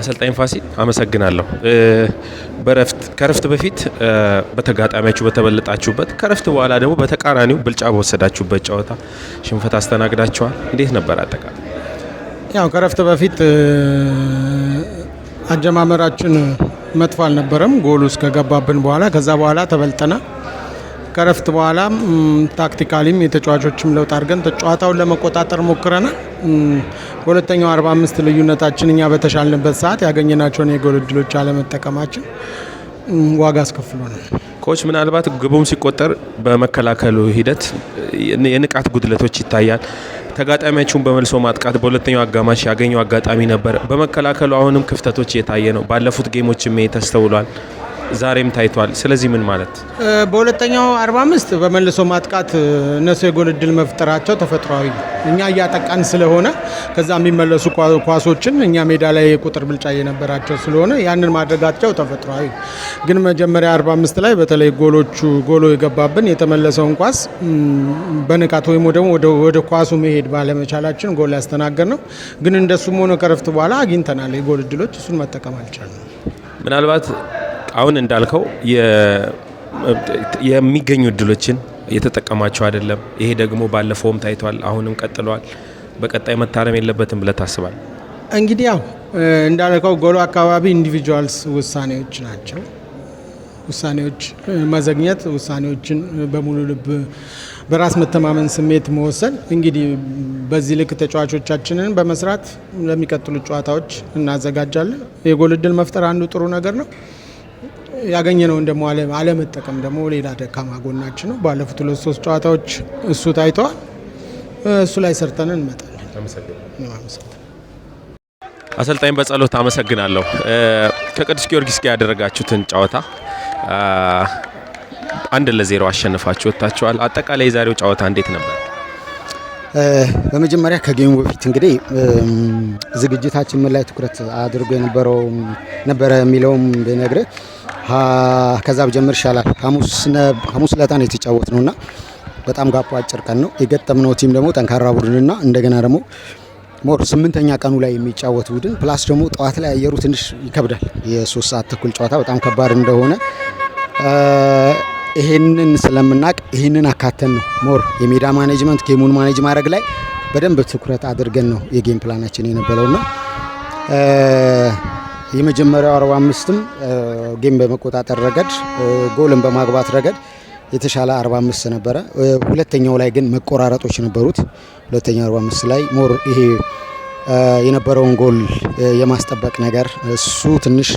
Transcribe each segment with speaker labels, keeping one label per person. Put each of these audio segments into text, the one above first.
Speaker 1: አሰልጣኝ ፋሲል አመሰግናለሁ። በረፍት ከረፍት በፊት በተጋጣሚያችሁ በተበለጣችሁበት፣ ከረፍት በኋላ ደግሞ በተቃራኒው ብልጫ በወሰዳችሁበት ጨዋታ ሽንፈት አስተናግዳችኋል። እንዴት ነበር አጠቃላይ?
Speaker 2: ያው ከረፍት በፊት አጀማመራችን መጥፎ አልነበረም። ጎሉ እስከገባብን በኋላ ከዛ በኋላ ተበልጠና ከረፍት በኋላ ታክቲካሊም የተጫዋቾችም ለውጥ አድርገን ጨዋታውን ለመቆጣጠር ሞክረናል። በሁለተኛው 45 ልዩነታችን እኛ በተሻልንበት ሰዓት ያገኘናቸውን የጎል እድሎች አለመጠቀማችን ዋጋ አስከፍሎ ነው።
Speaker 1: ኮች ምናልባት ግቡም ሲቆጠር በመከላከሉ ሂደት የንቃት ጉድለቶች ይታያል። ተጋጣሚያችሁን በመልሶ ማጥቃት በሁለተኛው አጋማሽ ያገኘው አጋጣሚ ነበር። በመከላከሉ አሁንም ክፍተቶች እየታየ ነው። ባለፉት ጌሞችም ተስተውሏል። ዛሬም ታይቷል። ስለዚህ ምን ማለት
Speaker 2: በሁለተኛው 45 በመልሶ ማጥቃት እነሱ የጎል እድል መፍጠራቸው ተፈጥሯዊ እኛ እያጠቃን ስለሆነ ከዛ የሚመለሱ ኳሶችን እኛ ሜዳ ላይ የቁጥር ብልጫ እየነበራቸው ስለሆነ ያንን ማድረጋቸው ተፈጥሯዊ፣ ግን መጀመሪያ 45 ላይ በተለይ ጎሎቹ ጎሎ የገባብን የተመለሰውን ኳስ በንቃት ወይም ደግሞ ወደ ኳሱ መሄድ ባለመቻላችን ጎል ያስተናገድ ነው። ግን እንደሱም ሆነ ከረፍት በኋላ አግኝተናል የጎል እድሎች፣ እሱን መጠቀም አልቻልንም።
Speaker 1: ምናልባት አሁን እንዳልከው የሚገኙ እድሎችን እየተጠቀማቸው አይደለም። ይሄ ደግሞ ባለፈውም ታይቷል፣ አሁንም ቀጥሏል። በቀጣይ መታረም የለበትም ብለህ ታስባል?
Speaker 2: እንግዲህ ያው እንዳልከው ጎሎ አካባቢ ኢንዲቪጁዋልስ ውሳኔዎች ናቸው። ውሳኔዎች መዘግኘት፣ ውሳኔዎችን በሙሉ ልብ በራስ መተማመን ስሜት መወሰን እንግዲህ በዚህ ልክ ተጫዋቾቻችንን በመስራት ለሚቀጥሉ ጨዋታዎች እናዘጋጃለን። የጎል እድል መፍጠር አንዱ ጥሩ ነገር ነው። ያገኘነውን ደግሞ አለመጠቀም ደግሞ ሌላ ደካማ ጎናችን ነው። ባለፉት ሁለት ሶስት ጨዋታዎች እሱ ታይተዋል። እሱ ላይ ሰርተን እንመጣለን።
Speaker 1: አሰልጣኝ በጸሎት አመሰግናለሁ። ከቅዱስ ጊዮርጊስ ጋር ያደረጋችሁትን ጨዋታ አንድ ለዜሮ አሸንፋችሁ ወጥታችኋል። አጠቃላይ የዛሬው ጨዋታ እንዴት ነበር?
Speaker 2: በመጀመሪያ ከጌሙ በፊት እንግዲህ ዝግጅታችን ምን ላይ ትኩረት አድርጎ የነበረው ነበረ የሚለውም ብነግርህ ከዛ ብጀምር ይሻላል። ሐሙስ ለታ ነው የተጫወት ነው እና በጣም ጋፖ አጭር ቀን ነው የገጠምነው። ቲም ደግሞ ጠንካራ ቡድንና እንደገና ደግሞ ሞር ስምንተኛ ቀኑ ላይ የሚጫወት ቡድን ፕላስ ደግሞ ጠዋት ላይ አየሩ ትንሽ ይከብዳል። የሶስት ሰዓት ተኩል ጨዋታ በጣም ከባድ እንደሆነ ይሄንን ስለምናቅ ይህንን አካተን ነው ሞር የሜዳ ማኔጅመንት ጌሙን ማኔጅ ማድረግ ላይ በደንብ ትኩረት አድርገን ነው የጌም ፕላናችን የነበረውና የመጀመሪያው 45ም ጌም በመቆጣጠር ረገድ ጎልን በማግባት ረገድ የተሻለ 45 ነበረ። ሁለተኛው ላይ ግን መቆራረጦች ነበሩት። ሁለተኛው 45 ላይ ሞር ይሄ የነበረውን ጎል የማስጠበቅ ነገር እሱ ትንሽ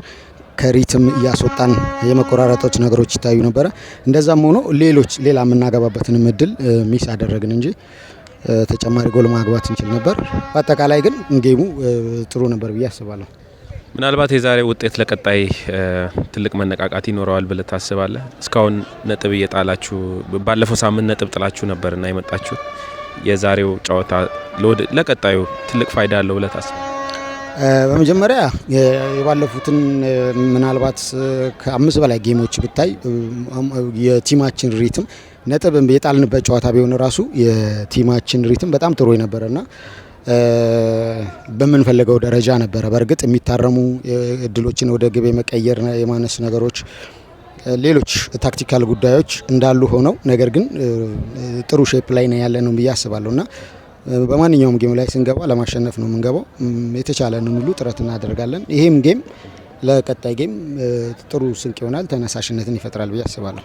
Speaker 2: ከሪትም እያስወጣን የመቆራረጦች ነገሮች ይታዩ ነበረ። እንደዛም ሆኖ ሌሎች ሌላ የምናገባበትንም እድል ሚስ አደረግን እንጂ ተጨማሪ ጎል ማግባት እንችል ነበር። በአጠቃላይ ግን ጌሙ ጥሩ ነበር ብዬ አስባለሁ።
Speaker 1: ምናልባት የዛሬ ውጤት ለቀጣይ ትልቅ መነቃቃት ይኖረዋል ብለህ ታስባለህ? እስካሁን ነጥብ እየጣላችሁ ባለፈው ሳምንት ነጥብ ጥላችሁ ነበር እና የመጣችሁት የዛሬው ጨዋታ ለቀጣዩ ትልቅ ፋይዳ አለው ብለህ ታስባለህ?
Speaker 2: በመጀመሪያ የባለፉትን ምናልባት ከአምስት በላይ ጌሞች ብታይ የቲማችን ሪትም ነጥብ የጣልንበት ጨዋታ ቢሆን ራሱ የቲማችን ሪትም በጣም ጥሩ የነበረና በምንፈልገው ደረጃ ነበረ። በእርግጥ የሚታረሙ እድሎችን ወደ ግብ የመቀየር የማነስ ነገሮች፣ ሌሎች ታክቲካል ጉዳዮች እንዳሉ ሆነው ነገር ግን ጥሩ ሼፕ ላይ ነው ያለ ነው ብዬ አስባለሁ እና በማንኛውም ጌም ላይ ስንገባ ለማሸነፍ ነው የምንገባው። የተቻለንን ሁሉ ጥረት እናደርጋለን። ይሄም ጌም ለቀጣይ ጌም ጥሩ ስንቅ ይሆናል፣ ተነሳሽነትን ይፈጥራል ብዬ አስባለሁ።